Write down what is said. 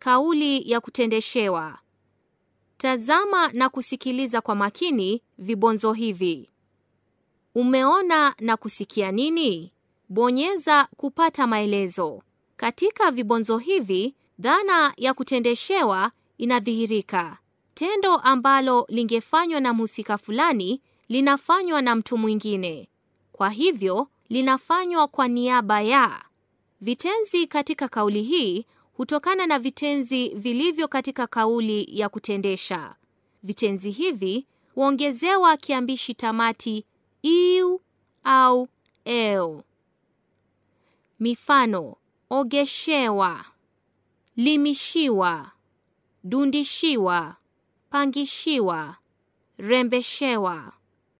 Kauli ya kutendeshewa. Tazama na kusikiliza kwa makini vibonzo hivi. Umeona na kusikia nini? Bonyeza kupata maelezo. Katika vibonzo hivi, dhana ya kutendeshewa inadhihirika. Tendo ambalo lingefanywa na mhusika fulani linafanywa na mtu mwingine. Kwa hivyo, linafanywa kwa niaba ya. Vitenzi katika kauli hii hutokana na vitenzi vilivyo katika kauli ya kutendesha. Vitenzi hivi huongezewa kiambishi tamati iu au eo. Mifano: ogeshewa, limishiwa, dundishiwa, pangishiwa, rembeshewa.